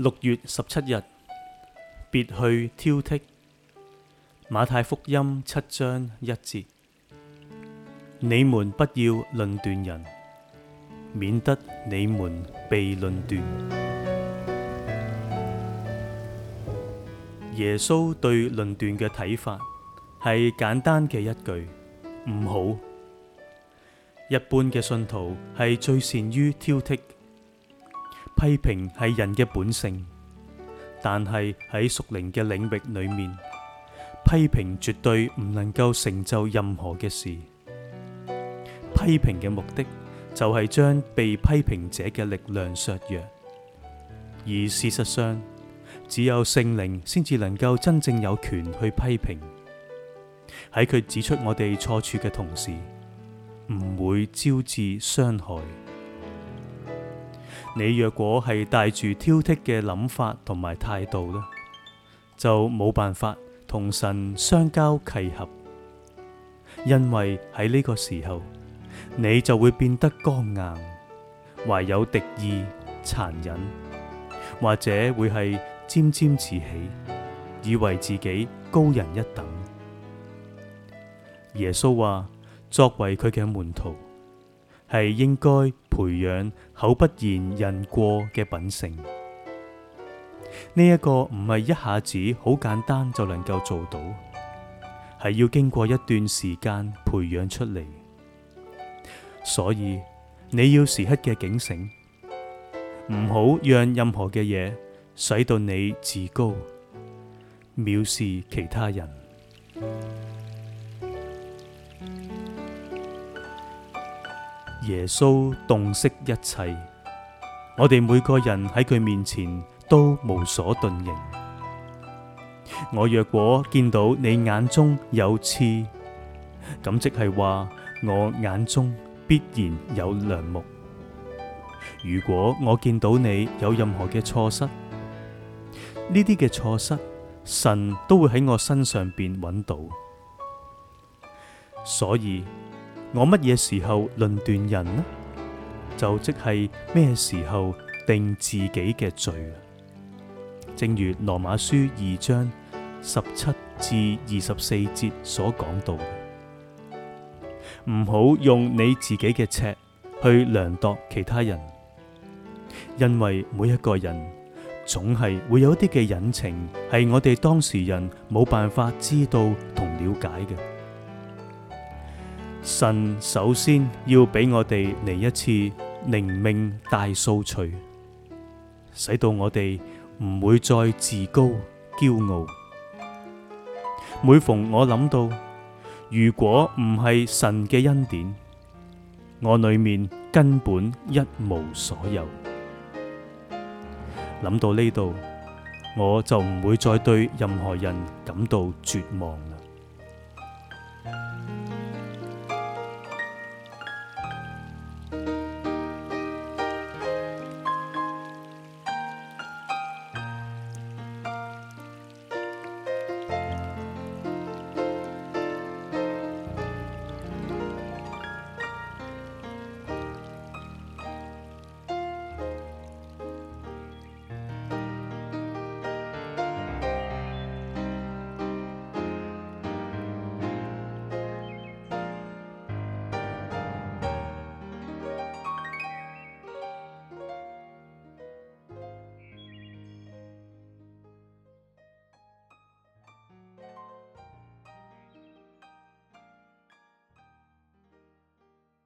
六月十七日，別去挑剔。馬太福音七章一節：你們不要論斷人，免得你們被論斷。耶穌對論斷嘅睇法係簡單嘅一句：唔好。一般嘅信徒係最善於挑剔。批評係人嘅本性，但係喺屬靈嘅領域裏面，批評絕對唔能夠成就任何嘅事。批評嘅目的就係將被批評者嘅力量削弱，而事實上，只有聖靈先至能夠真正有權去批評，喺佢指出我哋錯處嘅同時，唔會招致傷害。你若果係帶住挑剔嘅諗法同埋態度呢，就冇辦法同神相交契合，因為喺呢個時候，你就會變得剛硬，懷有敵意、殘忍，或者會係沾沾自喜，以為自己高人一等。耶穌話：作為佢嘅門徒。係應該培養口不言人過嘅品性，呢一個唔係一下子好簡單就能夠做到，係要經過一段時間培養出嚟。所以你要時刻嘅警醒，唔好讓任何嘅嘢使到你自高，藐視其他人。耶穌洞悉一切，我哋每個人喺佢面前都無所遁形。我若果見到你眼中有刺，咁即係話我眼中必然有梁木。如果我見到你有任何嘅錯失，呢啲嘅錯失，神都會喺我身上邊揾到。所以。我乜嘢時候論斷人呢？就即係咩時候定自己嘅罪？正如羅馬書二章十七至二十四節所講到，唔好用你自己嘅尺去量度其他人，因為每一個人總係會有一啲嘅隱情，係我哋當事人冇辦法知道同了解嘅。神首先要俾我哋嚟一次靈命大掃除，使到我哋唔會再自高驕傲。每逢我諗到，如果唔係神嘅恩典，我裏面根本一無所有。諗到呢度，我就唔會再對任何人感到絕望啦。